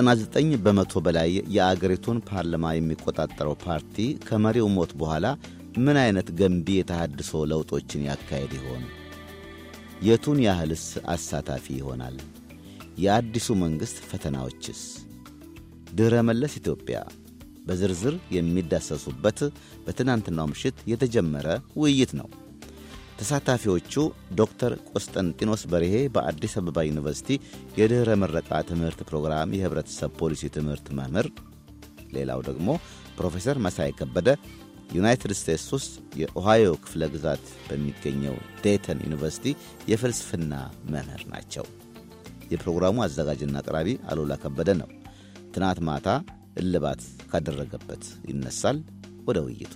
99 በመቶ በላይ የአገሪቱን ፓርላማ የሚቆጣጠረው ፓርቲ ከመሪው ሞት በኋላ ምን አይነት ገንቢ የተሃድሶ ለውጦችን ያካሄድ ይሆን? የቱን ያህልስ አሳታፊ ይሆናል? የአዲሱ መንግሥት ፈተናዎችስ? ድኅረ መለስ ኢትዮጵያ በዝርዝር የሚዳሰሱበት በትናንትናው ምሽት የተጀመረ ውይይት ነው። ተሳታፊዎቹ ዶክተር ቆስጠንጢኖስ በርሄ በአዲስ አበባ ዩኒቨርሲቲ የድኅረ ምረቃ ትምህርት ፕሮግራም የህብረተሰብ ፖሊሲ ትምህርት መምህር፣ ሌላው ደግሞ ፕሮፌሰር መሳይ ከበደ ዩናይትድ ስቴትስ ውስጥ የኦሃዮ ክፍለ ግዛት በሚገኘው ዴተን ዩኒቨርሲቲ የፍልስፍና መምህር ናቸው። የፕሮግራሙ አዘጋጅና አቅራቢ አሉላ ከበደ ነው። ትናት ማታ እልባት ካደረገበት ይነሳል። ወደ ውይይቱ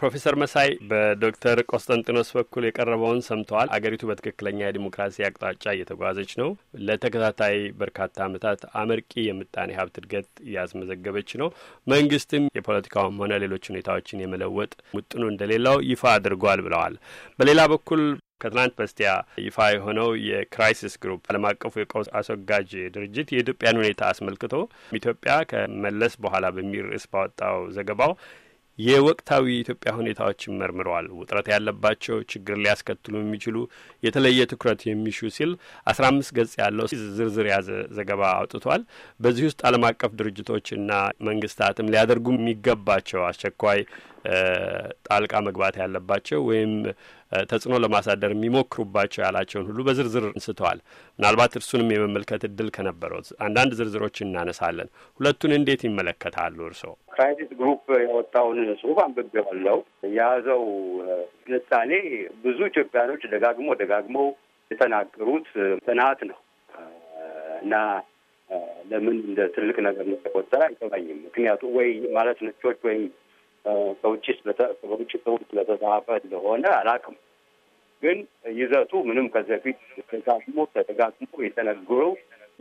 ፕሮፌሰር መሳይ በዶክተር ቆስጠንጢኖስ በኩል የቀረበውን ሰምተዋል። አገሪቱ በትክክለኛ የዲሞክራሲ አቅጣጫ እየተጓዘች ነው። ለተከታታይ በርካታ ዓመታት አመርቂ የምጣኔ ሀብት እድገት እያስመዘገበች ነው። መንግስትም የፖለቲካውም ሆነ ሌሎች ሁኔታዎችን የመለወጥ ሙጥኑ እንደሌላው ይፋ አድርጓል ብለዋል። በሌላ በኩል ከትናንት በስቲያ ይፋ የሆነው የክራይሲስ ግሩፕ ዓለም አቀፉ የቀውስ አስወጋጅ ድርጅት የኢትዮጵያን ሁኔታ አስመልክቶ ኢትዮጵያ ከመለስ በኋላ በሚል ርዕስ ባወጣው ዘገባው የወቅታዊ የኢትዮጵያ ሁኔታዎችን መርምረዋል። ውጥረት ያለባቸው ችግር ሊያስከትሉ የሚችሉ የተለየ ትኩረት የሚሹ ሲል አስራ አምስት ገጽ ያለው ዝርዝር ያዘ ዘገባ አውጥቷል። በዚህ ውስጥ ዓለም አቀፍ ድርጅቶችና መንግስታትም ሊያደርጉ የሚገባቸው አስቸኳይ ጣልቃ መግባት ያለባቸው ወይም ተጽዕኖ ለማሳደር የሚሞክሩባቸው ያላቸውን ሁሉ በዝርዝር እንስተዋል። ምናልባት እርሱንም የመመልከት እድል ከነበረት አንዳንድ ዝርዝሮች እናነሳለን። ሁለቱን እንዴት ይመለከታሉ እርስዎ? ክራይሲስ ግሩፕ ያወጣውን ጽሁፍ አንብቤዋለሁ። የያዘው ትንታኔ ብዙ ኢትዮጵያኖች ደጋግሞ ደጋግሞ የተናገሩት ጥናት ነው እና ለምን እንደ ትልቅ ነገር እንደተቆጠረ አይገባኝም። ምክንያቱም ወይ ማለት ነጮች ወይም ከውጭስ በውጭ ከውጭ ለተጻፈ እንደሆነ አላውቅም፣ ግን ይዘቱ ምንም ከዚህ በፊት ተጋግሞ ተደጋግሞ የተነገሩ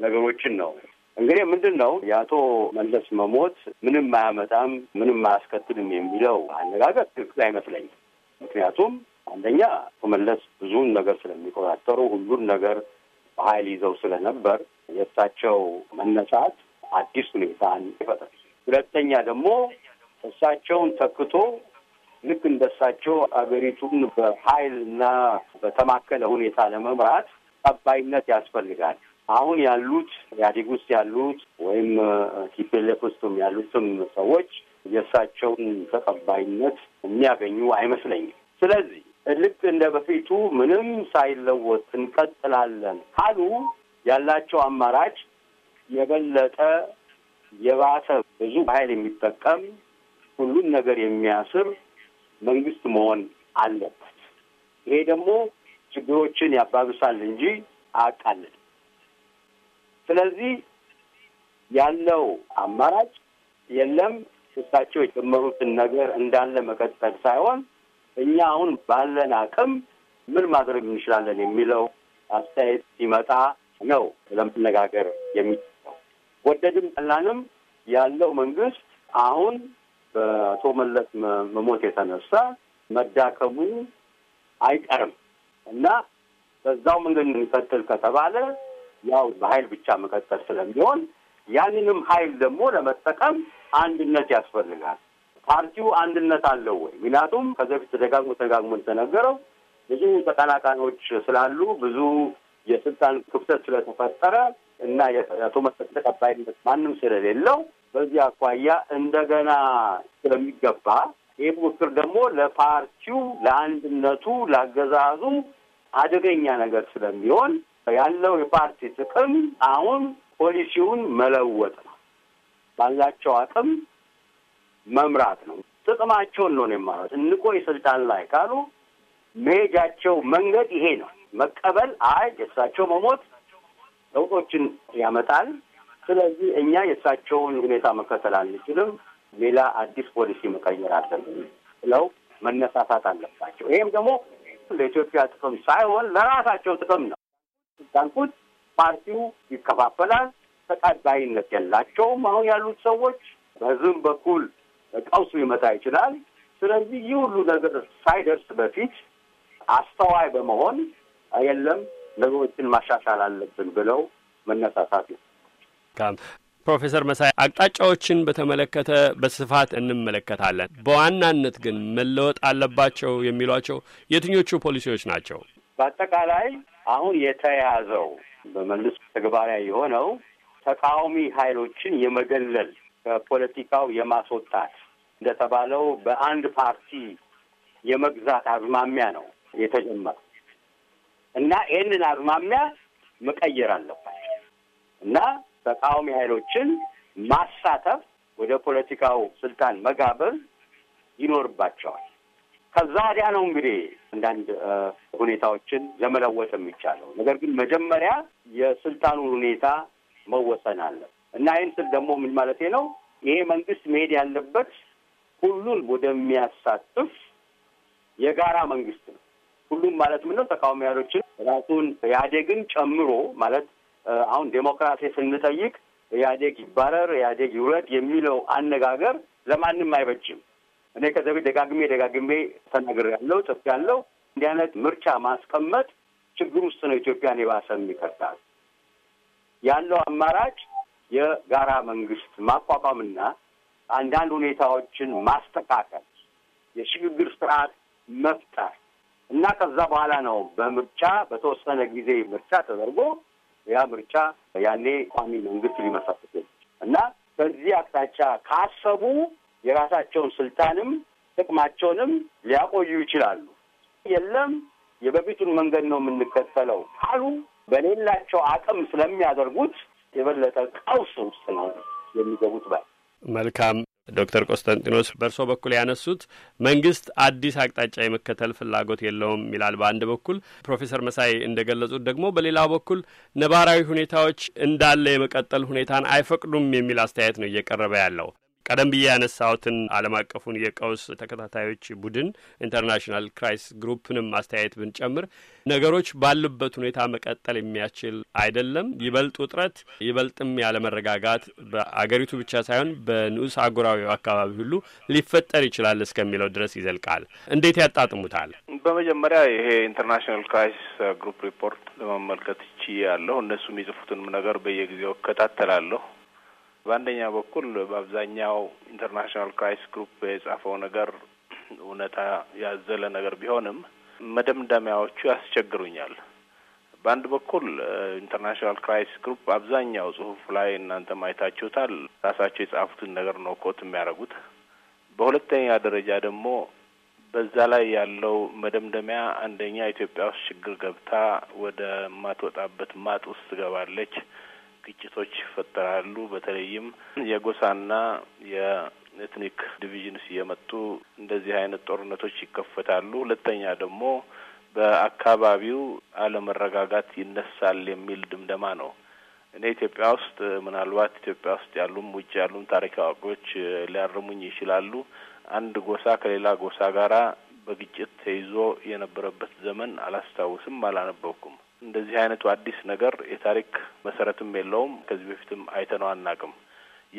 ነገሮችን ነው። እንግዲህ ምንድን ነው የአቶ መለስ መሞት ምንም አያመጣም፣ ምንም አያስከትልም የሚለው አነጋገር ትክክል አይመስለኝም። ምክንያቱም አንደኛ መለስ ብዙውን ነገር ስለሚቆጣጠሩ ሁሉን ነገር በኃይል ይዘው ስለነበር የእሳቸው መነሳት አዲስ ሁኔታን ይፈጥራል። ሁለተኛ ደግሞ እሳቸውን ተክቶ ልክ እንደሳቸው አገሪቱን በኃይል እና በተማከለ ሁኔታ ለመምራት ተቀባይነት ያስፈልጋል። አሁን ያሉት ኢህአዴግ ውስጥ ያሉት ወይም ቲፒኤልኤፍ ውስጥም ያሉትም ሰዎች የእሳቸውን ተቀባይነት የሚያገኙ አይመስለኝም። ስለዚህ ልክ እንደ በፊቱ ምንም ሳይለወጥ እንቀጥላለን ካሉ ያላቸው አማራጭ የበለጠ የባሰ ብዙ ኃይል የሚጠቀም ሁሉን ነገር የሚያስር መንግስት መሆን አለበት። ይሄ ደግሞ ችግሮችን ያባብሳል እንጂ አያቃልልም። ስለዚህ ያለው አማራጭ የለም እሳቸው የጀመሩትን ነገር እንዳለ መቀጠል ሳይሆን እኛ አሁን ባለን አቅም ምን ማድረግ እንችላለን የሚለው አስተያየት ሲመጣ ነው ለመነጋገር የሚችለው። ወደድም ጠላንም ያለው መንግስት አሁን በአቶ መለስ መሞት የተነሳ መዳከሙ አይቀርም እና በዛው መንገድ የሚቀጥል ከተባለ ያው በኃይል ብቻ መቀጠል ስለሚሆን ያንንም ኃይል ደግሞ ለመጠቀም አንድነት ያስፈልጋል። ፓርቲው አንድነት አለው ወይ? ምክንያቱም ከዚ በፊት ተደጋግሞ ተደጋግሞ እንደተነገረው ብዙ ተቀናቃኖች ስላሉ ብዙ የስልጣን ክፍተት ስለተፈጠረ እና የአቶ መለስ ተቀባይነት ማንም ስለሌለው በዚህ አኳያ እንደገና ስለሚገባ ይህ ፉክክር ደግሞ ለፓርቲው፣ ለአንድነቱ፣ ለአገዛዙ አደገኛ ነገር ስለሚሆን ያለው የፓርቲ ጥቅም አሁን ፖሊሲውን መለወጥ ነው። ባላቸው አቅም መምራት ነው። ጥቅማቸውን ነው የማለት እንቆይ ስልጣን ላይ ካሉ መሄጃቸው መንገድ ይሄ ነው። መቀበል አይ እሳቸው መሞት ለውጦችን ያመጣል ስለዚህ እኛ የእሳቸውን ሁኔታ መከተል አንችልም፣ ሌላ አዲስ ፖሊሲ መቀየር አለብን ብለው መነሳሳት አለባቸው። ይህም ደግሞ ለኢትዮጵያ ጥቅም ሳይሆን ለራሳቸው ጥቅም ነው። እንዳልኩት ፓርቲው ይከፋፈላል። ተቀባይነት የላቸውም። አሁን ያሉት ሰዎች በህዝብም በኩል ቀውሱ ሊመጣ ይችላል። ስለዚህ ይህ ሁሉ ነገር ሳይደርስ በፊት አስተዋይ በመሆን የለም ነገሮችን ማሻሻል አለብን ብለው መነሳሳት ነው። መልካም ፕሮፌሰር መሳይ አቅጣጫዎችን በተመለከተ በስፋት እንመለከታለን። በዋናነት ግን መለወጥ አለባቸው የሚሏቸው የትኞቹ ፖሊሲዎች ናቸው? በአጠቃላይ አሁን የተያዘው በመልስ ተግባራዊ የሆነው ተቃዋሚ ኃይሎችን የመገለል ከፖለቲካው የማስወጣት እንደተባለው በአንድ ፓርቲ የመግዛት አዝማሚያ ነው የተጀመረው እና ይህንን አዝማሚያ መቀየር አለባቸው እና ተቃዋሚ ኃይሎችን ማሳተፍ፣ ወደ ፖለቲካው ስልጣን መጋበዝ ይኖርባቸዋል። ከዛ ወዲያ ነው እንግዲህ አንዳንድ ሁኔታዎችን ለመለወጥ የሚቻለው። ነገር ግን መጀመሪያ የስልጣኑ ሁኔታ መወሰን አለ እና ይህን ስል ደግሞ ምን ማለቴ ነው? ይሄ መንግስት መሄድ ያለበት ሁሉን ወደሚያሳትፍ የጋራ መንግስት ነው። ሁሉም ማለት ምን ተቃዋሚ ኃይሎችን ራሱን ኢህአዴግን ጨምሮ ማለት አሁን ዴሞክራሲ ስንጠይቅ ኢህአዴግ ይባረር፣ ኢህአዴግ ይውረድ የሚለው አነጋገር ለማንም አይበጅም። እኔ ከዚህ በፊት ደጋግሜ ደጋግሜ ጽፍ ያለው እንዲህ አይነት ምርጫ ማስቀመጥ ችግር ውስጥ ነው ኢትዮጵያን የባሰም ይከርታል። ያለው አማራጭ የጋራ መንግስት ማቋቋምና አንዳንድ ሁኔታዎችን ማስተካከል፣ የሽግግር ስርዓት መፍጠር እና ከዛ በኋላ ነው በምርጫ በተወሰነ ጊዜ ምርጫ ተደርጎ ያ ምርጫ ያኔ ቋሚ መንግስት ሊመሰረት እና በዚህ አቅጣጫ ካሰቡ የራሳቸውን ስልጣንም ጥቅማቸውንም ሊያቆዩ ይችላሉ። የለም የበፊቱን መንገድ ነው የምንከተለው ካሉ በሌላቸው አቅም ስለሚያደርጉት የበለጠ ቀውስ ውስጥ ነው የሚገቡት ባይ መልካም ዶክተር ቆስጠንጢኖስ በእርሶ በኩል ያነሱት መንግስት አዲስ አቅጣጫ የመከተል ፍላጎት የለውም ይላል በአንድ በኩል፣ ፕሮፌሰር መሳይ እንደገለጹት ደግሞ በሌላው በኩል ነባራዊ ሁኔታዎች እንዳለ የመቀጠል ሁኔታን አይፈቅዱም የሚል አስተያየት ነው እየቀረበ ያለው። ቀደም ብዬ ያነሳሁትን ዓለም አቀፉን የቀውስ ተከታታዮች ቡድን ኢንተርናሽናል ክራይስ ግሩፕንም አስተያየት ብንጨምር ነገሮች ባሉበት ሁኔታ መቀጠል የሚያስችል አይደለም። ይበልጥ ውጥረት፣ ይበልጥም ያለመረጋጋት በአገሪቱ ብቻ ሳይሆን በንዑስ አህጉራዊ አካባቢ ሁሉ ሊፈጠር ይችላል እስከሚለው ድረስ ይዘልቃል። እንዴት ያጣጥሙታል? በመጀመሪያ ይሄ ኢንተርናሽናል ክራይስ ግሩፕ ሪፖርት ለመመልከት ችያለሁ። እነሱም የጽፉትንም ነገር በየጊዜው እከታተላለሁ። በአንደኛ በኩል በአብዛኛው ኢንተርናሽናል ክራይስ ግሩፕ የጻፈው ነገር እውነታ ያዘለ ነገር ቢሆንም መደምደሚያዎቹ ያስቸግሩኛል። በአንድ በኩል ኢንተርናሽናል ክራይስ ግሩፕ አብዛኛው ጽሁፍ ላይ እናንተ ማየታችሁታል ራሳቸው የጻፉትን ነገር ነው ኮት የሚያደርጉት። በሁለተኛ ደረጃ ደግሞ በዛ ላይ ያለው መደምደሚያ አንደኛ ኢትዮጵያ ውስጥ ችግር ገብታ ወደ ማትወጣበት ማጥ ውስጥ ትገባለች ግጭቶች ይፈጠራሉ። በተለይም የጎሳና የኤትኒክ ዲቪዥንስ እየመጡ እንደዚህ አይነት ጦርነቶች ይከፈታሉ። ሁለተኛ ደግሞ በአካባቢው አለመረጋጋት ይነሳል የሚል ድምደማ ነው። እኔ ኢትዮጵያ ውስጥ ምናልባት ኢትዮጵያ ውስጥ ያሉም ውጭ ያሉም ታሪክ አዋቂዎች ሊያርሙኝ ይችላሉ። አንድ ጎሳ ከሌላ ጎሳ ጋራ በግጭት ተይዞ የነበረበት ዘመን አላስታውስም፣ አላነበብኩም። እንደዚህ አይነቱ አዲስ ነገር የታሪክ መሰረትም የለውም። ከዚህ በፊትም አይተነው አናቅም።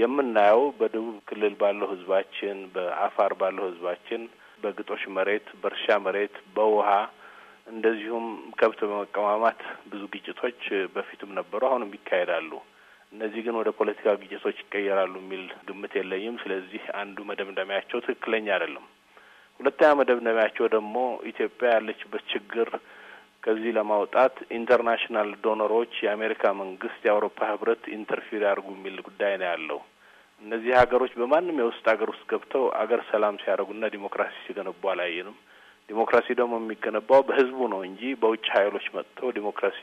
የምናየው በደቡብ ክልል ባለው ህዝባችን፣ በአፋር ባለው ህዝባችን በግጦሽ መሬት፣ በእርሻ መሬት፣ በውሃ እንደዚሁም ከብት በመቀማማት ብዙ ግጭቶች በፊትም ነበሩ፣ አሁንም ይካሄዳሉ። እነዚህ ግን ወደ ፖለቲካ ግጭቶች ይቀየራሉ የሚል ግምት የለኝም። ስለዚህ አንዱ መደምደሚያቸው ትክክለኛ አይደለም። ሁለተኛ መደምደሚያቸው ደግሞ ኢትዮጵያ ያለችበት ችግር ከዚህ ለማውጣት ኢንተርናሽናል ዶኖሮች የአሜሪካ መንግስት፣ የአውሮፓ ህብረት ኢንተርፊር ያርጉ የሚል ጉዳይ ነው ያለው። እነዚህ ሀገሮች በማንም የውስጥ ሀገር ውስጥ ገብተው አገር ሰላም ሲያደርጉና ዲሞክራሲ ሲገነቡ አላየንም። ዲሞክራሲ ደግሞ የሚገነባው በህዝቡ ነው እንጂ በውጭ ሀይሎች መጥተው ዲሞክራሲ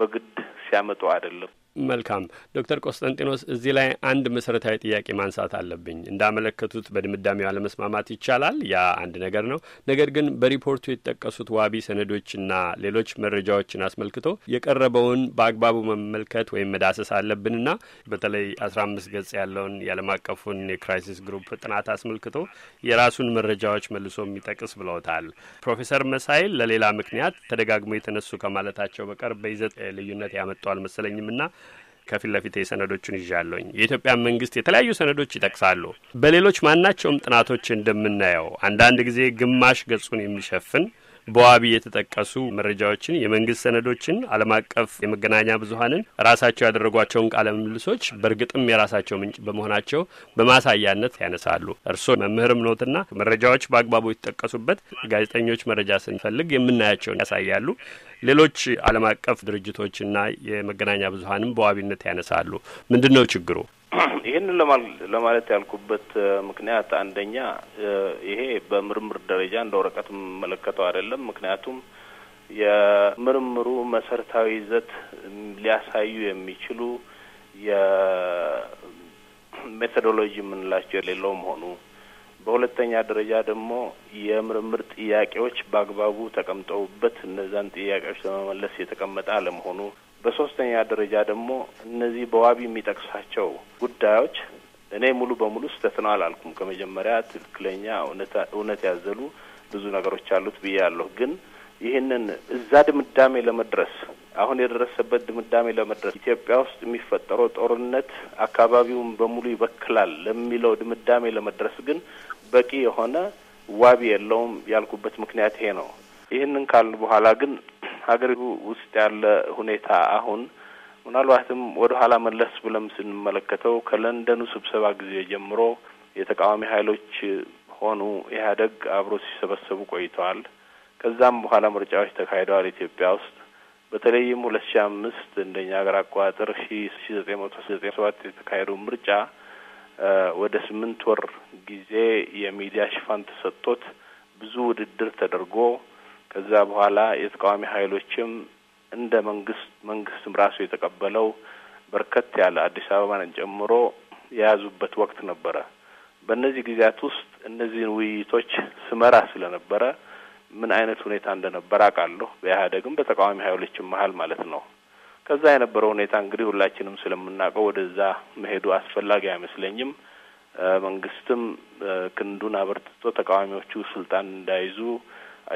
በግድ ሲያመጡ አይደለም። መልካም ዶክተር ቆስጠንጢኖስ እዚህ ላይ አንድ መሰረታዊ ጥያቄ ማንሳት አለብኝ። እንዳመለከቱት በድምዳሜው አለመስማማት ይቻላል፣ ያ አንድ ነገር ነው። ነገር ግን በሪፖርቱ የተጠቀሱት ዋቢ ሰነዶችና ሌሎች መረጃዎችን አስመልክቶ የቀረበውን በአግባቡ መመልከት ወይም መዳሰስ አለብንና በተለይ አስራ አምስት ገጽ ያለውን የዓለም አቀፉን የክራይሲስ ግሩፕ ጥናት አስመልክቶ የራሱን መረጃዎች መልሶ የሚጠቅስ ብለውታል ፕሮፌሰር መሳይል ለሌላ ምክንያት ተደጋግሞ የተነሱ ከማለታቸው በቀር በይዘት ልዩነት ያመጡ አልመሰለኝምና ከፊት ለፊት ሰነዶቹን ይዣለኝ። የኢትዮጵያ መንግስት የተለያዩ ሰነዶች ይጠቅሳሉ። በሌሎች ማናቸውም ጥናቶች እንደምናየው አንዳንድ ጊዜ ግማሽ ገጹን የሚሸፍን በዋቢ የተጠቀሱ መረጃዎችን፣ የመንግስት ሰነዶችን፣ ዓለም አቀፍ የመገናኛ ብዙሀንን ራሳቸው ያደረጓቸውን ቃለ ምልልሶች በእርግጥም የራሳቸው ምንጭ በመሆናቸው በማሳያነት ያነሳሉ። እርስዎ መምህርም ኖትና መረጃዎች በአግባቡ የተጠቀሱበት ጋዜጠኞች መረጃ ስንፈልግ የምናያቸውን ያሳያሉ። ሌሎች ዓለም አቀፍ ድርጅቶችና የመገናኛ ብዙሀንም በዋቢነት ያነሳሉ። ምንድን ነው ችግሩ? ይህንን ለማለት ያልኩበት ምክንያት አንደኛ ይሄ በምርምር ደረጃ እንደ ወረቀት የምመለከተው አይደለም። ምክንያቱም የምርምሩ መሰረታዊ ይዘት ሊያሳዩ የሚችሉ የሜቶዶሎጂ የምንላቸው የሌለው መሆኑ በሁለተኛ ደረጃ ደግሞ የምርምር ጥያቄዎች በአግባቡ ተቀምጠውበት እነዛን ጥያቄዎች ለመመለስ የተቀመጠ አለመሆኑ፣ በሶስተኛ ደረጃ ደግሞ እነዚህ በዋቢ የሚጠቅሳቸው ጉዳዮች እኔ ሙሉ በሙሉ ስህተት ነው አላልኩም። ከመጀመሪያ ትክክለኛ እውነት ያዘሉ ብዙ ነገሮች አሉት ብዬ አለሁ። ግን ይህንን እዛ ድምዳሜ ለመድረስ አሁን የደረሰበት ድምዳሜ ለመድረስ ኢትዮጵያ ውስጥ የሚፈጠረው ጦርነት አካባቢውን በሙሉ ይበክላል ለሚለው ድምዳሜ ለመድረስ ግን በቂ የሆነ ዋቢ የለውም ያልኩበት ምክንያት ይሄ ነው። ይህንን ካልን በኋላ ግን ሀገሪቱ ውስጥ ያለ ሁኔታ አሁን ምናልባትም ወደ ኋላ መለስ ብለም ስንመለከተው ከለንደኑ ስብሰባ ጊዜ ጀምሮ የተቃዋሚ ኃይሎች ሆኑ ኢህአዴግ አብሮ ሲሰበሰቡ ቆይተዋል። ከዛም በኋላ ምርጫዎች ተካሂደዋል ኢትዮጵያ ውስጥ በተለይም ሁለት ሺ አምስት እንደኛ ሀገር አቆጣጠር ሺ ዘጠኝ መቶ ዘጠኝ ሰባት የተካሄደው ምርጫ ወደ ስምንት ወር ጊዜ የሚዲያ ሽፋን ተሰጥቶት ብዙ ውድድር ተደርጎ ከዛ በኋላ የተቃዋሚ ኃይሎችም እንደ መንግስት መንግስትም ራሱ የተቀበለው በርከት ያለ አዲስ አበባን ጨምሮ የያዙበት ወቅት ነበረ። በእነዚህ ጊዜያት ውስጥ እነዚህን ውይይቶች ስመራ ስለነበረ ምን አይነት ሁኔታ እንደነበረ አውቃለሁ። በኢህአዴግም በተቃዋሚ ሀይሎችም መሀል ማለት ነው። ከዛ የነበረው ሁኔታ እንግዲህ ሁላችንም ስለምናውቀው ወደዛ መሄዱ አስፈላጊ አይመስለኝም። መንግስትም ክንዱን አበርትቶ ተቃዋሚዎቹ ስልጣን እንዳይዙ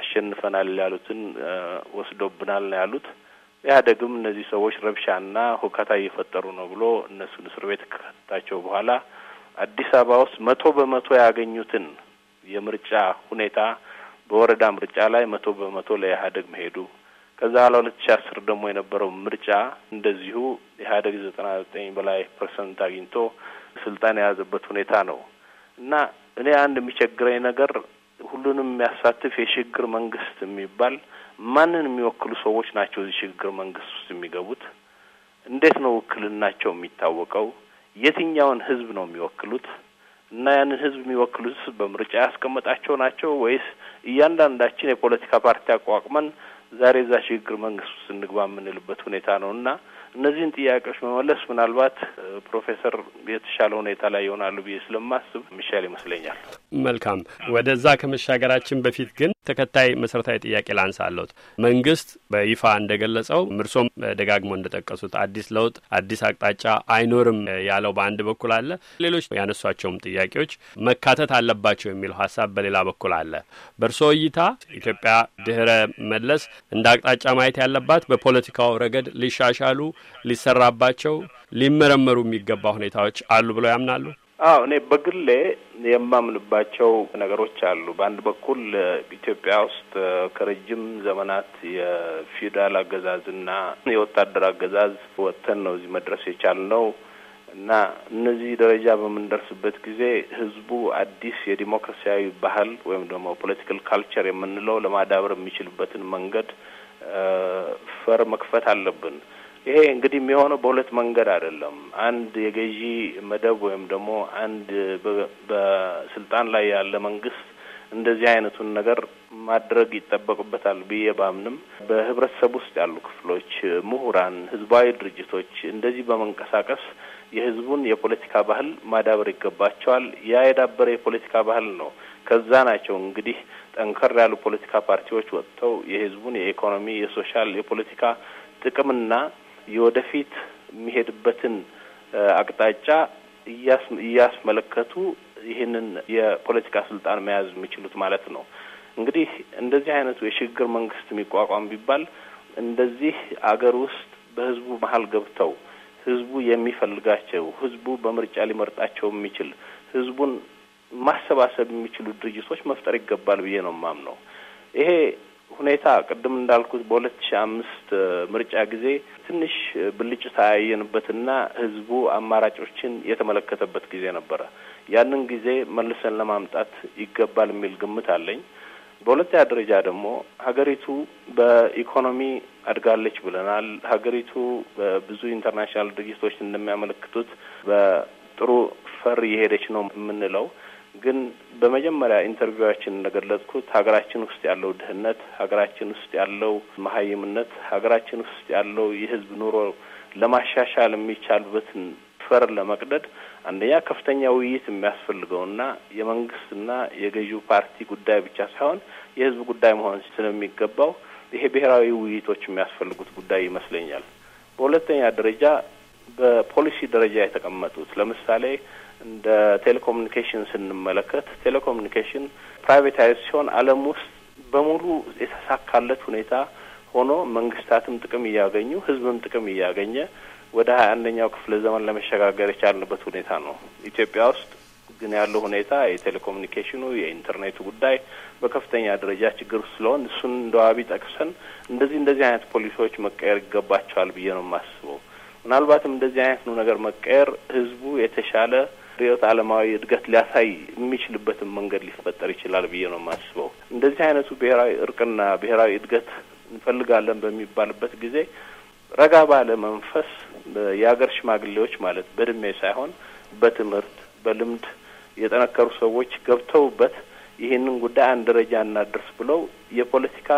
አሸንፈናል ያሉትን ወስዶብናል ነው ያሉት። ኢህአዴግም እነዚህ ሰዎች ረብሻና ሁከታ እየፈጠሩ ነው ብሎ እነሱን እስር ቤት ከከታቸው በኋላ አዲስ አበባ ውስጥ መቶ በመቶ ያገኙትን የምርጫ ሁኔታ በወረዳ ምርጫ ላይ መቶ በመቶ ለኢህአዴግ መሄዱ ከዛ ኋላ ሁለት ሺ አስር ደግሞ የነበረው ምርጫ እንደዚሁ ኢህአዴግ ዘጠና ዘጠኝ በላይ ፐርሰንት አግኝቶ ስልጣን የያዘበት ሁኔታ ነው እና እኔ አንድ የሚቸግረኝ ነገር ሁሉንም የሚያሳትፍ የሽግግር መንግስት የሚባል ማንን የሚወክሉ ሰዎች ናቸው እዚህ ሽግግር መንግስት ውስጥ የሚገቡት? እንዴት ነው ውክልናቸው የሚታወቀው? የትኛውን ህዝብ ነው የሚወክሉት? እና ያንን ህዝብ የሚወክሉት በምርጫ ያስቀመጣቸው ናቸው ወይስ እያንዳንዳችን የፖለቲካ ፓርቲ አቋቁመን ዛሬ እዛ ሽግግር መንግስት ውስጥ እንግባ የምንልበት ሁኔታ ነው እና እነዚህን ጥያቄዎች መመለስ ምናልባት ፕሮፌሰር የተሻለ ሁኔታ ላይ ይሆናሉ ብዬ ስለማስብ የሚሻል ይመስለኛል። መልካም። ወደዛ ከመሻገራችን በፊት ግን ተከታይ መሰረታዊ ጥያቄ ላንሳለሁት። መንግስት በይፋ እንደገለጸው እርሶም ደጋግሞ እንደጠቀሱት አዲስ ለውጥ፣ አዲስ አቅጣጫ አይኖርም ያለው በአንድ በኩል አለ፣ ሌሎች ያነሷቸውም ጥያቄዎች መካተት አለባቸው የሚለው ሀሳብ በሌላ በኩል አለ። በእርሶ እይታ ኢትዮጵያ ድህረ መለስ እንደ አቅጣጫ ማየት ያለባት በፖለቲካው ረገድ ሊሻሻሉ ሊሰራባቸው ሊመረመሩ የሚገባ ሁኔታዎች አሉ ብለው ያምናሉ? አዎ እኔ በግሌ የማምንባቸው ነገሮች አሉ። በአንድ በኩል ኢትዮጵያ ውስጥ ከረጅም ዘመናት የፊውዳል አገዛዝና የወታደር አገዛዝ ወጥተን ነው እዚህ መድረስ የቻልነው እና እነዚህ ደረጃ በምንደርስበት ጊዜ ህዝቡ አዲስ የዲሞክራሲያዊ ባህል ወይም ደግሞ ፖለቲካል ካልቸር የምንለው ለማዳበር የሚችልበትን መንገድ ፈር መክፈት አለብን። ይሄ እንግዲህ የሚሆነው በሁለት መንገድ አይደለም። አንድ የገዢ መደብ ወይም ደግሞ አንድ በስልጣን ላይ ያለ መንግስት እንደዚህ አይነቱን ነገር ማድረግ ይጠበቅበታል ብዬ ባምንም በህብረተሰብ ውስጥ ያሉ ክፍሎች፣ ምሁራን፣ ህዝባዊ ድርጅቶች እንደዚህ በመንቀሳቀስ የህዝቡን የፖለቲካ ባህል ማዳበር ይገባቸዋል። ያ የዳበረ የፖለቲካ ባህል ነው። ከዛ ናቸው እንግዲህ ጠንከር ያሉ ፖለቲካ ፓርቲዎች ወጥተው የህዝቡን የኢኮኖሚ፣ የሶሻል፣ የፖለቲካ ጥቅምና የወደፊት የሚሄድበትን አቅጣጫ እያስመለከቱ ይህንን የፖለቲካ ስልጣን መያዝ የሚችሉት ማለት ነው። እንግዲህ እንደዚህ አይነቱ የሽግግር መንግስት የሚቋቋም ቢባል እንደዚህ አገር ውስጥ በህዝቡ መሀል ገብተው ህዝቡ የሚፈልጋቸው ህዝቡ በምርጫ ሊመርጣቸው የሚችል ህዝቡን ማሰባሰብ የሚችሉ ድርጅቶች መፍጠር ይገባል ብዬ ነው የማምነው። ይሄ ሁኔታ ቅድም እንዳልኩት በሁለት ሺ አምስት ምርጫ ጊዜ ትንሽ ብልጭ ታያየንበትና ህዝቡ አማራጮችን የተመለከተበት ጊዜ ነበረ። ያንን ጊዜ መልሰን ለማምጣት ይገባል የሚል ግምት አለኝ። በሁለተኛ ደረጃ ደግሞ ሀገሪቱ በኢኮኖሚ አድጋለች ብለናል። ሀገሪቱ በብዙ ኢንተርናሽናል ድርጅቶች እንደሚያመለክቱት በጥሩ ፈር እየሄደች ነው የምንለው ግን በመጀመሪያ ኢንተርቪዋችን እንደገለጽኩት ሀገራችን ውስጥ ያለው ድህነት፣ ሀገራችን ውስጥ ያለው መሀይምነት፣ ሀገራችን ውስጥ ያለው የህዝብ ኑሮ ለማሻሻል የሚቻልበትን ፈር ለመቅደድ አንደኛ ከፍተኛ ውይይት የሚያስፈልገውና የመንግስትና የገዢው ፓርቲ ጉዳይ ብቻ ሳይሆን የህዝብ ጉዳይ መሆን ስለሚገባው ይሄ ብሔራዊ ውይይቶች የሚያስፈልጉት ጉዳይ ይመስለኛል። በሁለተኛ ደረጃ በፖሊሲ ደረጃ የተቀመጡት ለምሳሌ እንደ ቴሌኮሙኒኬሽን ስንመለከት ቴሌኮሙኒኬሽን ፕራይቬታይዝ ሲሆን ዓለም ውስጥ በሙሉ የተሳካለት ሁኔታ ሆኖ መንግስታትም ጥቅም እያገኙ ህዝብም ጥቅም እያገኘ ወደ ሀያ አንደኛው ክፍለ ዘመን ለመሸጋገር የቻልንበት ሁኔታ ነው። ኢትዮጵያ ውስጥ ግን ያለው ሁኔታ የቴሌኮሙኒኬሽኑ የኢንተርኔቱ ጉዳይ በከፍተኛ ደረጃ ችግር ውስጥ ስለሆን እሱን እንደ ዋቢ ጠቅሰን እንደዚህ እንደዚህ አይነት ፖሊሲዎች መቀየር ይገባቸዋል ብዬ ነው የማስበው። ምናልባትም እንደዚህ አይነቱ ነገር መቀየር ህዝቡ የተሻለ ርዕዮተ ዓለማዊ እድገት ሊያሳይ የሚችልበትን መንገድ ሊፈጠር ይችላል ብዬ ነው የማስበው። እንደዚህ አይነቱ ብሔራዊ እርቅና ብሔራዊ እድገት እንፈልጋለን በሚባልበት ጊዜ ረጋ ባለ መንፈስ የሀገር ሽማግሌዎች ማለት በእድሜ ሳይሆን በትምህርት በልምድ የጠነከሩ ሰዎች ገብተውበት ይህንን ጉዳይ አንድ ደረጃ እናድርስ ብለው የፖለቲካ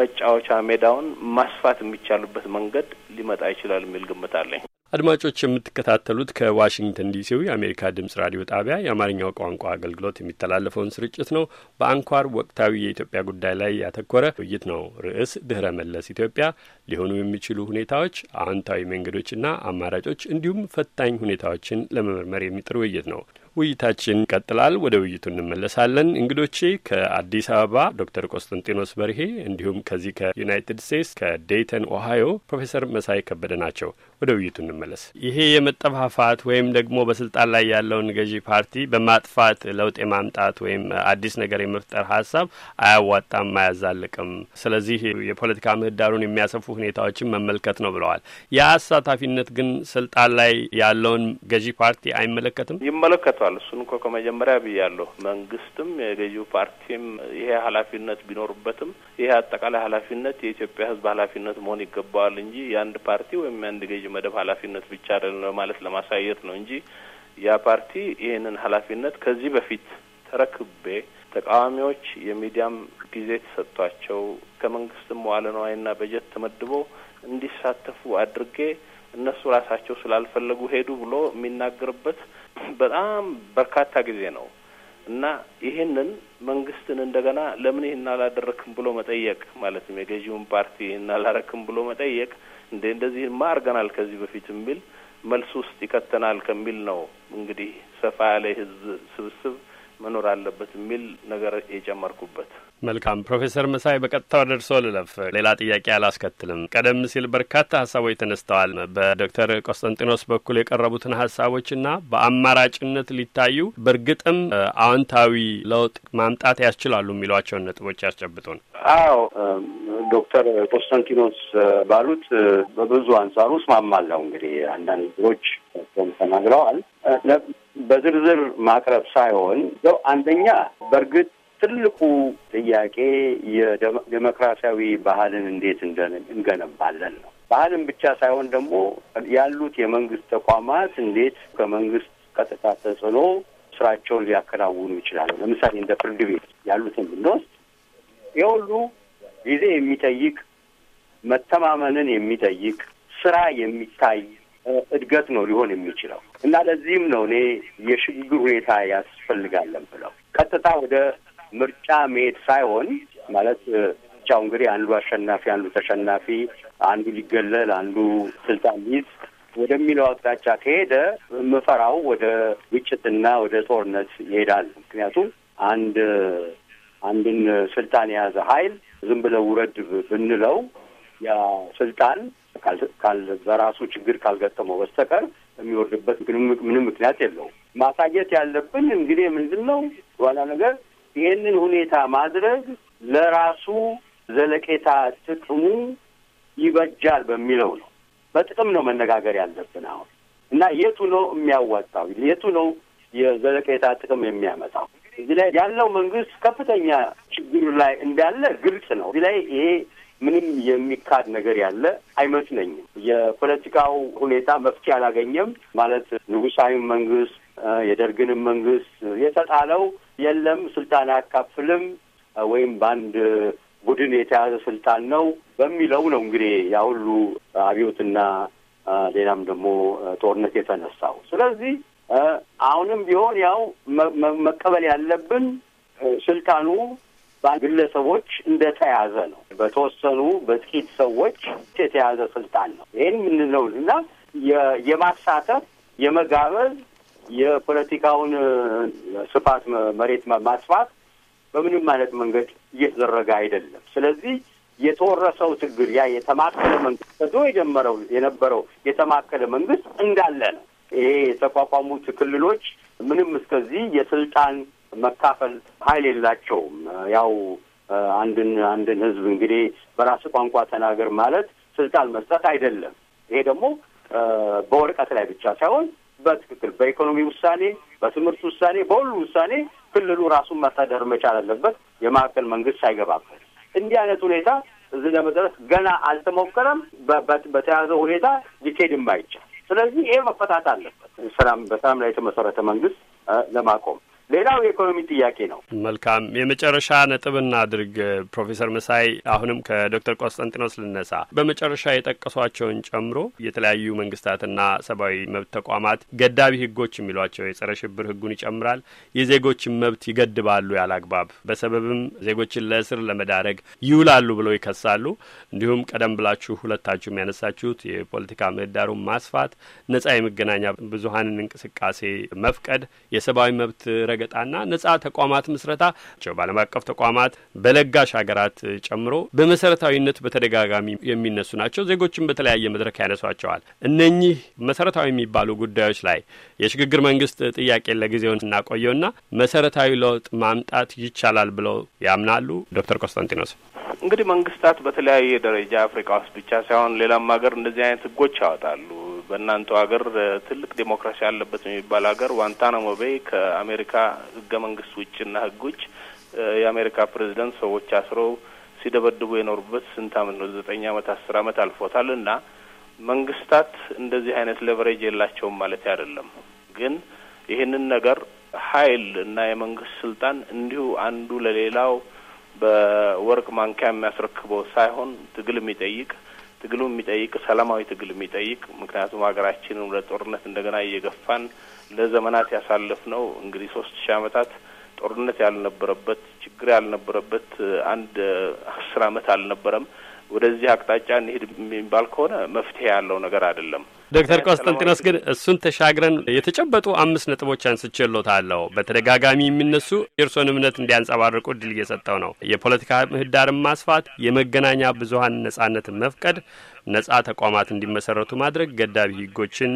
መጫወቻ ሜዳውን ማስፋት የሚቻልበት መንገድ ሊመጣ ይችላል የሚል ግምት አለኝ። አድማጮች የምትከታተሉት ከዋሽንግተን ዲሲው የአሜሪካ ድምጽ ራዲዮ ጣቢያ የአማርኛው ቋንቋ አገልግሎት የሚተላለፈውን ስርጭት ነው። በአንኳር ወቅታዊ የኢትዮጵያ ጉዳይ ላይ ያተኮረ ውይይት ነው። ርዕስ ድህረ መለስ ኢትዮጵያ ሊሆኑ የሚችሉ ሁኔታዎች፣ አዎንታዊ መንገዶችና አማራጮች እንዲሁም ፈታኝ ሁኔታዎችን ለመመርመር የሚጥር ውይይት ነው። ውይይታችን ይቀጥላል። ወደ ውይይቱ እንመለሳለን። እንግዶቼ ከአዲስ አበባ ዶክተር ቆስጠንጢኖስ በርሄ እንዲሁም ከዚህ ከዩናይትድ ስቴትስ ከዴይተን ኦሃዮ ፕሮፌሰር መሳይ ከበደ ናቸው። ወደ ውይይቱ እንመለስ። ይሄ የመጠፋፋት ወይም ደግሞ በስልጣን ላይ ያለውን ገዢ ፓርቲ በማጥፋት ለውጥ የማምጣት ወይም አዲስ ነገር የመፍጠር ሀሳብ አያዋጣም፣ አያዛልቅም። ስለዚህ የፖለቲካ ምህዳሩን የሚያሰፉ ሁኔታዎችን መመልከት ነው ብለዋል። የአሳታፊነት ግን ስልጣን ላይ ያለውን ገዢ ፓርቲ አይመለከትም። ይመለከቷል። እሱን እኮ ከመጀመሪያ ብያለሁ። መንግስትም የገዢው ፓርቲም ይሄ ኃላፊነት ቢኖርበትም ይሄ አጠቃላይ ኃላፊነት የኢትዮጵያ ሕዝብ ኃላፊነት መሆን ይገባዋል እንጂ የአንድ ፓርቲ ወይም የአንድ ገዢ የልዩ መደብ ኃላፊነት ብቻ አይደለም ማለት ለማሳየት ነው እንጂ ያ ፓርቲ ይህንን ኃላፊነት ከዚህ በፊት ተረክቤ ተቃዋሚዎች የሚዲያም ጊዜ ተሰጥቷቸው ከመንግስትም መዋለ ንዋይና በጀት ተመድቦ እንዲሳተፉ አድርጌ እነሱ ራሳቸው ስላልፈለጉ ሄዱ ብሎ የሚናገርበት በጣም በርካታ ጊዜ ነው እና ይህንን መንግስትን እንደገና ለምን ይህን አላደረክም ብሎ መጠየቅ ማለትም የገዢውን ፓርቲ ይህን አላረክም ብሎ መጠየቅ እንደ እንደዚህማ አድርገናል ከዚህ በፊት የሚል መልስ ውስጥ ይከተናል ከሚል ነው እንግዲህ ሰፋ ያለ ህዝብ ስብስብ መኖር አለበት የሚል ነገር የጨመርኩበት መልካም ፕሮፌሰር መሳይ በቀጥታ ወደ እርስዎ ልለፍ። ሌላ ጥያቄ አላስከትልም። ቀደም ሲል በርካታ ሀሳቦች ተነስተዋል። በዶክተር ቆስጠንጢኖስ በኩል የቀረቡትን ሀሳቦችና በአማራጭነት ሊታዩ በእርግጥም አዎንታዊ ለውጥ ማምጣት ያስችላሉ የሚሏቸውን ነጥቦች ያስጨብጡን። አዎ ዶክተር ቆስጠንጢኖስ ባሉት በብዙ አንጻሩ እስማማለሁ። እንግዲህ አንዳንድ ነገሮች ተናግረዋል። በዝርዝር ማቅረብ ሳይሆን አንደኛ በእርግጥ ትልቁ ጥያቄ የዴሞክራሲያዊ ባህልን እንዴት እንገነባለን ነው። ባህልን ብቻ ሳይሆን ደግሞ ያሉት የመንግስት ተቋማት እንዴት ከመንግስት ቀጥታ ተጽዕኖ ስራቸውን ሊያከናውኑ ይችላሉ። ለምሳሌ እንደ ፍርድ ቤት ያሉትን ብንወስድ የሁሉ ጊዜ የሚጠይቅ መተማመንን የሚጠይቅ ስራ የሚታይ እድገት ነው ሊሆን የሚችለው እና ለዚህም ነው እኔ የሽግግር ሁኔታ ያስፈልጋለን ብለው ቀጥታ ወደ ምርጫ መሄድ ሳይሆን ማለት ብቻው እንግዲህ አንዱ አሸናፊ አንዱ ተሸናፊ አንዱ ሊገለል አንዱ ስልጣን ሊይዝ ወደሚለው አቅጣጫ ከሄደ ምፈራው ወደ ግጭትና ወደ ጦርነት ይሄዳል። ምክንያቱም አንድ አንድን ስልጣን የያዘ ኃይል ዝም ብለው ውረድ ብንለው ያ ስልጣን በራሱ ችግር ካልገጠመው በስተቀር የሚወርድበት ምንም ምክንያት የለውም። ማሳየት ያለብን እንግዲህ ምንድን ነው ዋና ነገር ይህንን ሁኔታ ማድረግ ለራሱ ዘለቄታ ጥቅሙ ይበጃል በሚለው ነው። በጥቅም ነው መነጋገር ያለብን አሁን እና የቱ ነው የሚያዋጣው? የቱ ነው የዘለቄታ ጥቅም የሚያመጣው? እዚህ ላይ ያለው መንግስት ከፍተኛ ችግሩ ላይ እንዳለ ግልጽ ነው። እዚህ ላይ ይሄ ምንም የሚካድ ነገር ያለ አይመስለኝም። የፖለቲካው ሁኔታ መፍትሄ አላገኘም ማለት ንጉሳዊ መንግስት የደርግንም መንግስት የተጣለው የለም ስልጣን አያካፍልም ወይም በአንድ ቡድን የተያዘ ስልጣን ነው በሚለው ነው እንግዲህ ያ ሁሉ አብዮትና ሌላም ደግሞ ጦርነት የተነሳው። ስለዚህ አሁንም ቢሆን ያው መቀበል ያለብን ስልጣኑ ግለሰቦች እንደተያዘ ነው። በተወሰኑ በጥቂት ሰዎች የተያዘ ስልጣን ነው። ይህን ምንለው እና የማሳተፍ የመጋበዝ የፖለቲካውን ስፋት መሬት ማስፋት በምንም አይነት መንገድ እየተደረገ አይደለም። ስለዚህ የተወረሰው ችግር ያ የተማከለ መንግስት ከድሮ የጀመረው የነበረው የተማከለ መንግስት እንዳለ ነው። ይሄ የተቋቋሙት ክልሎች ምንም እስከዚህ የስልጣን መካፈል ኃይል የላቸውም። ያው አንድን አንድን ህዝብ እንግዲህ በራስ ቋንቋ ተናገር ማለት ስልጣን መስጠት አይደለም። ይሄ ደግሞ በወረቀት ላይ ብቻ ሳይሆን በትክክል በኢኮኖሚ ውሳኔ፣ በትምህርት ውሳኔ፣ በሁሉ ውሳኔ ክልሉ ራሱን መታደር መቻል አለበት። የማዕከል መንግስት ሳይገባበት እንዲህ አይነት ሁኔታ እዚህ ለመድረስ ገና አልተሞከረም። በተያዘው ሁኔታ ሊኬድ የማይቻል ስለዚህ ይሄ መፈታት አለበት። ሰላም በሰላም ላይ የተመሰረተ መንግስት ለማቆም ሌላው የኢኮኖሚ ጥያቄ ነው። መልካም የመጨረሻ ነጥብ እናድርግ። ፕሮፌሰር መሳይ አሁንም ከዶክተር ቆስጠንጢኖስ ልነሳ። በመጨረሻ የጠቀሷቸውን ጨምሮ የተለያዩ መንግስታትና ሰብአዊ መብት ተቋማት ገዳቢ ህጎች የሚሏቸው የጸረ ሽብር ህጉን ይጨምራል። የዜጎችን መብት ይገድባሉ ያላግባብ በሰበብም ዜጎችን ለእስር ለመዳረግ ይውላሉ ብለው ይከሳሉ። እንዲሁም ቀደም ብላችሁ ሁለታችሁ የሚያነሳችሁት የፖለቲካ ምህዳሩን ማስፋት፣ ነጻ የመገናኛ ብዙሀንን እንቅስቃሴ መፍቀድ፣ የሰብአዊ መብት ረገ ግልገጣና ነጻ ተቋማት ምስረታ ቸው በዓለም አቀፍ ተቋማት በለጋሽ ሀገራት ጨምሮ በመሰረታዊነት በተደጋጋሚ የሚነሱ ናቸው። ዜጎችን በተለያየ መድረክ ያነሷቸዋል። እነኚህ መሰረታዊ የሚባሉ ጉዳዮች ላይ የሽግግር መንግስት ጥያቄ ለጊዜውን እናቆየውና መሰረታዊ ለውጥ ማምጣት ይቻላል ብለው ያምናሉ ዶክተር ኮንስታንቲኖስ እንግዲህ መንግስታት በተለያየ ደረጃ አፍሪካ ውስጥ ብቻ ሳይሆን ሌላም ሀገር እንደዚህ አይነት ህጎች ያወጣሉ። በእናንተው ሀገር ትልቅ ዴሞክራሲ ያለበት የሚባል ሀገር ዋንታናሞ ቤይ ከአሜሪካ ህገ መንግስት ውጭና ህግ ውጭ የአሜሪካ ፕሬዚደንት ሰዎች አስረው ሲደበድቡ የኖሩበት ስንት አመት ነው? ዘጠኝ አመት አስር አመት አልፎታል። እና መንግስታት እንደዚህ አይነት ሌቨሬጅ የላቸውም ማለት አይደለም። ግን ይህንን ነገር ሀይል እና የመንግስት ስልጣን እንዲሁ አንዱ ለሌላው በወርቅ ማንኪያ የሚያስረክበው ሳይሆን ትግል የሚጠይቅ ትግሉ የሚጠይቅ ሰላማዊ ትግል የሚጠይቅ ምክንያቱም ሀገራችንን ለጦርነት እንደገና እየገፋን ለዘመናት ያሳለፍ ነው እንግዲህ ሶስት ሺህ አመታት ጦርነት ያልነበረበት ችግር ያልነበረበት አንድ አስር አመት አልነበረም። ወደዚህ አቅጣጫ እንሄድ የሚባል ከሆነ መፍትሄ ያለው ነገር አይደለም። ዶክተር ቆስጠንጢኖስ ግን እሱን ተሻግረን የተጨበጡ አምስት ነጥቦች አንስቼሎታለሁ። በተደጋጋሚ የሚነሱ የእርስዎን እምነት እንዲያንጸባርቁ እድል እየሰጠው ነው። የፖለቲካ ምህዳርን ማስፋት፣ የመገናኛ ብዙሀን ነጻነትን መፍቀድ፣ ነጻ ተቋማት እንዲመሰረቱ ማድረግ፣ ገዳቢ ህጎችን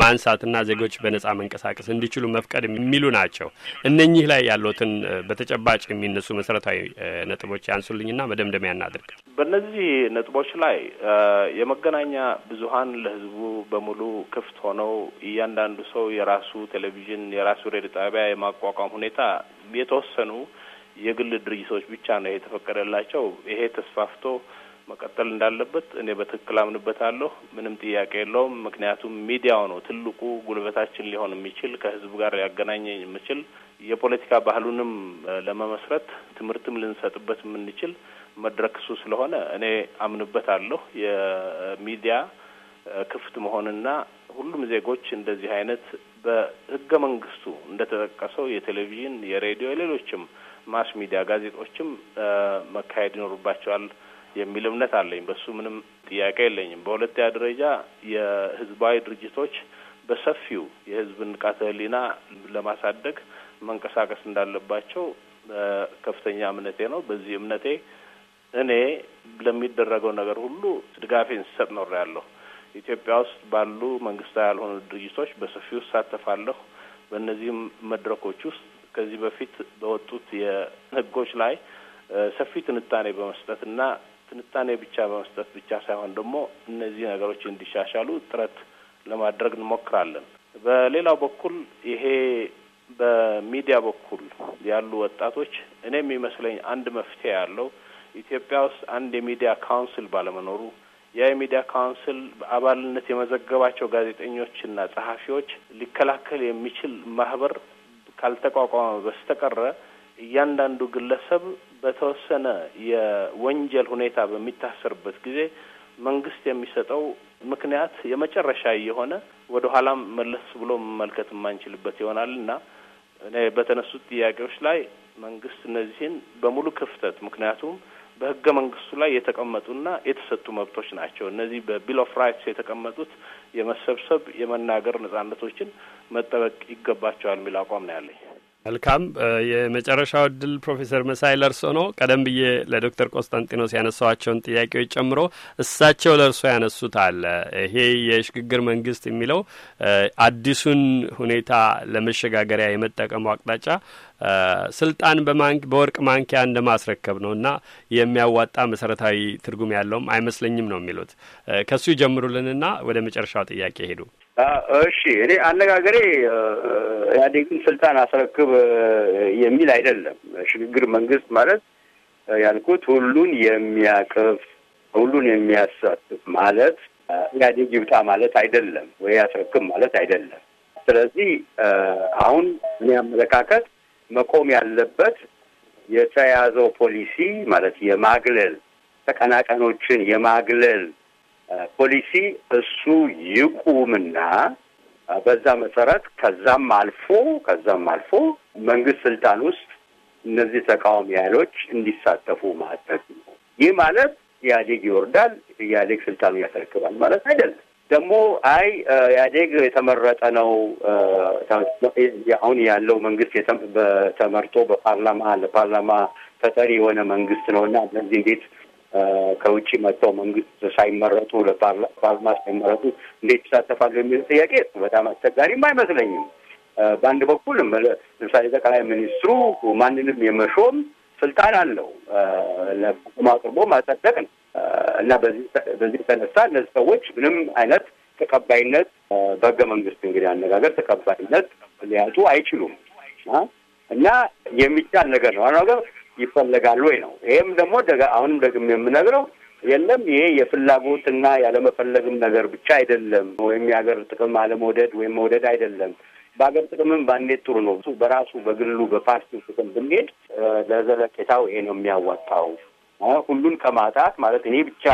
ማንሳትና ዜጎች በነጻ መንቀሳቀስ እንዲችሉ መፍቀድ የሚሉ ናቸው። እነኚህ ላይ ያሉትን በተጨባጭ የሚነሱ መሰረታዊ ነጥቦች ያንሱልኝና መደምደሚያ እናድርግ። በእነዚህ ነጥቦች ላይ የመገናኛ ብዙኃን ለህዝቡ በሙሉ ክፍት ሆነው እያንዳንዱ ሰው የራሱ ቴሌቪዥን፣ የራሱ ሬዲዮ ጣቢያ የማቋቋም ሁኔታ የተወሰኑ የግል ድርጅቶች ብቻ ነው የተፈቀደላቸው። ይሄ ተስፋፍቶ መቀጠል እንዳለበት እኔ በትክክል አምንበታለሁ። ምንም ጥያቄ የለውም። ምክንያቱም ሚዲያው ነው ትልቁ ጉልበታችን ሊሆን የሚችል ከህዝብ ጋር ሊያገናኘኝ የሚችል የፖለቲካ ባህሉንም ለመመስረት ትምህርትም ልንሰጥበት የምንችል መድረክ እሱ ስለሆነ እኔ አምንበታለሁ። የሚዲያ ክፍት መሆንና ሁሉም ዜጎች እንደዚህ አይነት በህገ መንግስቱ እንደተጠቀሰው የቴሌቪዥን፣ የሬዲዮ፣ የሌሎችም ማስ ሚዲያ ጋዜጦችም መካሄድ ይኖሩባቸዋል። የሚል እምነት አለኝ። በሱ ምንም ጥያቄ የለኝም። በሁለተኛ ደረጃ የህዝባዊ ድርጅቶች በሰፊው የህዝብ ንቃተ ህሊና ለማሳደግ መንቀሳቀስ እንዳለባቸው ከፍተኛ እምነቴ ነው። በዚህ እምነቴ እኔ ለሚደረገው ነገር ሁሉ ድጋፌን ስሰጥ ኖር ያለሁ ኢትዮጵያ ውስጥ ባሉ መንግስታዊ ያልሆኑ ድርጅቶች በሰፊው እሳተፋለሁ። በእነዚህም መድረኮች ውስጥ ከዚህ በፊት በወጡት የህጎች ላይ ሰፊ ትንታኔ በመስጠትና ትንታኔ ብቻ በመስጠት ብቻ ሳይሆን ደግሞ እነዚህ ነገሮች እንዲሻሻሉ ጥረት ለማድረግ እንሞክራለን። በሌላው በኩል ይሄ በሚዲያ በኩል ያሉ ወጣቶች እኔ የሚመስለኝ አንድ መፍትሄ ያለው ኢትዮጵያ ውስጥ አንድ የሚዲያ ካውንስል ባለመኖሩ ያ የሚዲያ ካውንስል በአባልነት የመዘገባቸው ጋዜጠኞችና ጸሐፊዎች ሊከላከል የሚችል ማህበር ካልተቋቋመ በስተቀረ እያንዳንዱ ግለሰብ በተወሰነ የወንጀል ሁኔታ በሚታሰርበት ጊዜ መንግስት የሚሰጠው ምክንያት የመጨረሻ የሆነ ወደ ኋላም መለስ ብሎ መመልከት የማንችልበት ይሆናል እና እኔ በተነሱት ጥያቄዎች ላይ መንግስት እነዚህን በሙሉ ክፍተት ምክንያቱም በህገ መንግስቱ ላይ የተቀመጡና የተሰጡ መብቶች ናቸው። እነዚህ በቢል ኦፍ ራይትስ የተቀመጡት የመሰብሰብ የመናገር ነጻነቶችን መጠበቅ ይገባቸዋል የሚል አቋም ነው ያለኝ። መልካም የመጨረሻው እድል ፕሮፌሰር መሳይ ለርሶ ነው። ቀደም ብዬ ለዶክተር ቆስጠንጢኖስ ያነሳዋቸውን ጥያቄዎች ጨምሮ እሳቸው ለርሶ ያነሱት አለ። ይሄ የሽግግር መንግስት የሚለው አዲሱን ሁኔታ ለመሸጋገሪያ የመጠቀሙ አቅጣጫ ስልጣን በወርቅ ማንኪያ እንደ ማስረከብ ነው እና የሚያዋጣ መሰረታዊ ትርጉም ያለውም አይመስለኝም ነው የሚሉት። ከሱ ይጀምሩልንና ወደ መጨረሻው ጥያቄ ሄዱ። እሺ እኔ አነጋገሬ ኢህአዴግን ስልጣን አስረክብ የሚል አይደለም። ሽግግር መንግስት ማለት ያልኩት ሁሉን የሚያቅፍ ሁሉን የሚያሳትፍ ማለት ኢህአዴግ ይብጣ ማለት አይደለም፣ ወይ ያስረክብ ማለት አይደለም። ስለዚህ አሁን እኔ አመለካከት መቆም ያለበት የተያዘው ፖሊሲ ማለት የማግለል ተቀናቃኞችን የማግለል ፖሊሲ እሱ ይቁምና በዛ መሰረት ከዛም አልፎ ከዛም አልፎ መንግስት ስልጣን ውስጥ እነዚህ ተቃዋሚ ኃይሎች እንዲሳተፉ ማድረግ ነው። ይህ ማለት ኢህአዴግ ይወርዳል፣ ኢህአዴግ ስልጣኑ ያስረክባል ማለት አይደለም። ደግሞ አይ ኢህአዴግ የተመረጠ ነው አሁን ያለው መንግስት ተመርጦ በፓርላማ ለፓርላማ ተጠሪ የሆነ መንግስት ነው እና እነዚህ እንዴት ከውጭ መጥተው መንግስት ሳይመረጡ ለፓርላማ ሳይመረጡ እንዴት ይሳተፋሉ የሚል ጥያቄ በጣም አስቸጋሪም አይመስለኝም። በአንድ በኩል ለምሳሌ ጠቅላይ ሚኒስትሩ ማንንም የመሾም ስልጣን አለው፣ ለቁም አቅርቦ ማጸደቅ ነው እና በዚህ የተነሳ እነዚህ ሰዎች ምንም አይነት ተቀባይነት በህገ መንግስት እንግዲህ አነጋገር ተቀባይነት ሊያጡ አይችሉም እና የሚቻል ነገር ነው አሁን ይፈለጋሉ ወይ ነው። ይሄም ደግሞ አሁንም ደግሞ የምነግረው የለም ይሄ የፍላጎትና ያለመፈለግም ነገር ብቻ አይደለም፣ ወይም የሀገር ጥቅም አለመውደድ ወይም መውደድ አይደለም። በሀገር ጥቅምም ባንዴት ጥሩ ነው። እሱ በራሱ በግሉ በፓርቲው ጥቅም ብንሄድ ለዘለቄታው ይሄ ነው የሚያዋጣው። ሁሉን ከማጣት ማለት እኔ ብቻ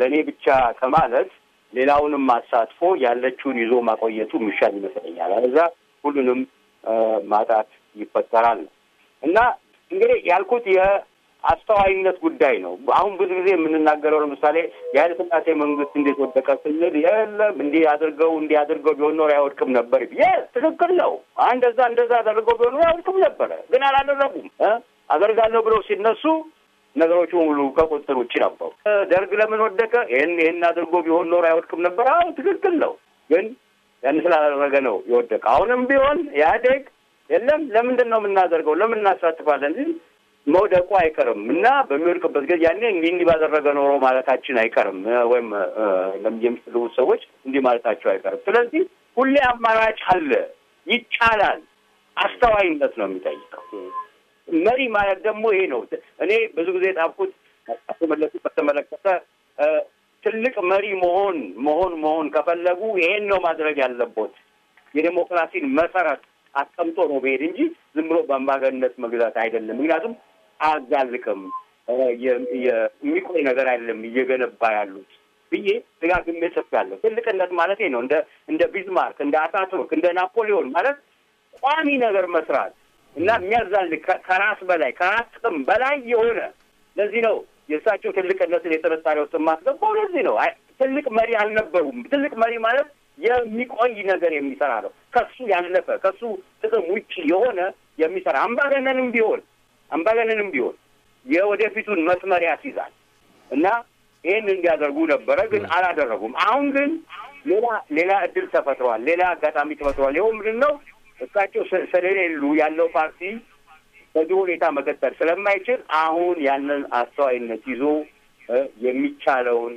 ለእኔ ብቻ ከማለት ሌላውንም አሳትፎ ያለችውን ይዞ ማቆየቱ የሚሻል ይመስለኛል። አለዛ ሁሉንም ማጣት ይፈጠራል እና እንግዲህ ያልኩት የአስተዋይነት ጉዳይ ነው። አሁን ብዙ ጊዜ የምንናገረው ለምሳሌ የኃይለሥላሴ መንግስት እንዴት ወደቀ ስንል የለም እንዲህ አድርገው እንዲህ አድርገው ቢሆን ኖሮ አያወድቅም ነበር። ይ ትክክል ነው። እንደዛ እንደዛ አድርገው ቢሆን ኖሮ አያወድቅም ነበረ። ግን አላደረጉም። አደርጋለሁ ብለው ሲነሱ ነገሮቹ ሙሉ ከቁጥር ውጭ ነበሩ። ደርግ ለምን ወደቀ? ይህን ይህን አድርጎ ቢሆን ኖሮ አይወድቅም ነበር። አሁን ትክክል ነው፣ ግን ያን ስላላደረገ ነው የወደቀ። አሁንም ቢሆን ኢህአዴግ የለም ለምንድን ነው የምናደርገው? ለምን እናሳትፋለን? መውደቁ አይቀርም እና በሚወድቅበት ጊዜ ያኔ እንዲህ እንዲህ ባደረገ ኖሮ ማለታችን አይቀርም፣ ወይም የሚፈልጉት ሰዎች እንዲህ ማለታቸው አይቀርም። ስለዚህ ሁሌ አማራጭ አለ፣ ይቻላል። አስተዋይነት ነው የሚጠይቀው። መሪ ማለት ደግሞ ይሄ ነው። እኔ ብዙ ጊዜ የጣፍኩት መለሱ በተመለከተ ትልቅ መሪ መሆን መሆን መሆን ከፈለጉ ይሄን ነው ማድረግ ያለቦት የዴሞክራሲን መሰረት አስቀምጦ ነው መሄድ እንጂ ዝም ብሎ በአምባገነት መግዛት አይደለም። ምክንያቱም አያዛልቅም፣ የሚቆይ ነገር አይደለም እየገነባ ያሉት ብዬ ደጋግሜ ሰጥቻለሁ። ትልቅነት ማለት ነው እንደ እንደ ቢዝማርክ እንደ አታቱርክ እንደ ናፖሊዮን ማለት ቋሚ ነገር መስራት እና የሚያዛልቅ ከራስ በላይ ከራስ ጥቅም በላይ የሆነ ለዚህ ነው የእሳቸው ትልቅነትን የጥርጣሬ ውስጥ ማስገባው። ለዚህ ነው ትልቅ መሪ አልነበሩም። ትልቅ መሪ ማለት የሚቆይ ነገር የሚሰራ ነው። ከሱ ያለፈ ከሱ ጥቅም ውጭ የሆነ የሚሰራ አምባገነንም ቢሆን አምባገነንም ቢሆን የወደፊቱን መስመር ያስይዛል እና ይህን እንዲያደርጉ ነበረ፣ ግን አላደረጉም። አሁን ግን ሌላ ሌላ እድል ተፈጥሯል። ሌላ አጋጣሚ ተፈጥሯል። ይኸው ምንድን ነው እሳቸው ስለሌሉ ያለው ፓርቲ በዚህ ሁኔታ መቀጠል ስለማይችል አሁን ያንን አስተዋይነት ይዞ የሚቻለውን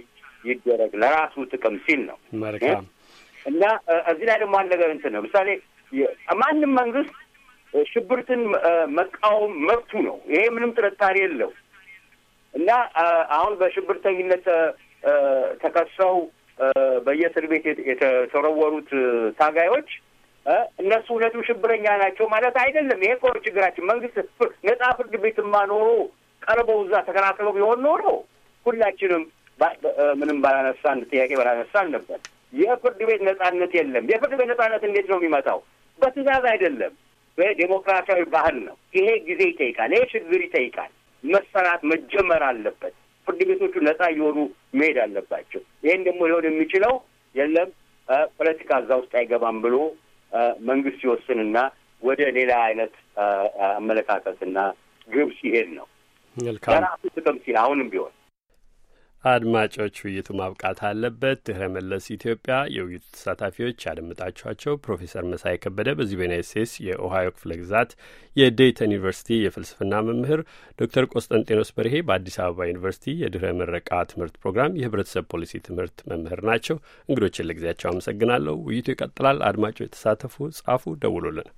ይደረግ ለራሱ ጥቅም ሲል ነው። መልካም እና እዚህ ላይ ደግሞ አንድ ነገር እንትን ነው። ምሳሌ ማንም መንግስት ሽብርትን መቃወም መብቱ ነው። ይሄ ምንም ጥርጣሬ የለው እና አሁን በሽብርተኝነት ተከሰው በየእስር ቤት የተሰረወሩት ታጋዮች እነሱ እውነቱ ሽብረኛ ናቸው ማለት አይደለም። ይሄ ኮር ችግራችን። መንግስት ነጻ ፍርድ ቤትማ ኖሮ ቀርበው እዛ ተከራክረው ቢሆን ኖሮ ሁላችንም ምንም ባላነሳን ጥያቄ ባላነሳን ነበር። የፍርድ ቤት ነጻነት የለም። የፍርድ ቤት ነጻነት እንዴት ነው የሚመጣው? በትእዛዝ አይደለም፣ በዴሞክራሲያዊ ባህል ነው። ይሄ ጊዜ ይጠይቃል። ይሄ ችግር ይጠይቃል። መሰራት መጀመር አለበት። ፍርድ ቤቶቹ ነጻ እየሆኑ መሄድ አለባቸው። ይህን ደግሞ ሊሆን የሚችለው የለም ፖለቲካ እዛ ውስጥ አይገባም ብሎ መንግስት ይወስንና ወደ ሌላ አይነት አመለካከትና ግብ ሲሄድ ነው። ራሱ ጥቅም ሲል አሁንም ቢሆን አድማጮች ውይይቱ ማብቃት አለበት። ድህረ መለስ ኢትዮጵያ የውይይቱ ተሳታፊዎች ያደመጣችኋቸው ፕሮፌሰር መሳይ ከበደ በዚህ በዩናይት ስቴትስ የኦሃዮ ክፍለ ግዛት የዴይተን ዩኒቨርሲቲ የፍልስፍና መምህር፣ ዶክተር ቆስጠንጤኖስ በርሄ በአዲስ አበባ ዩኒቨርሲቲ የድህረ ምረቃ ትምህርት ፕሮግራም የህብረተሰብ ፖሊሲ ትምህርት መምህር ናቸው። እንግዶችን ለጊዜያቸው አመሰግናለሁ። ውይይቱ ይቀጥላል። አድማጮች የተሳተፉ ጻፉ፣ ደውሉልን።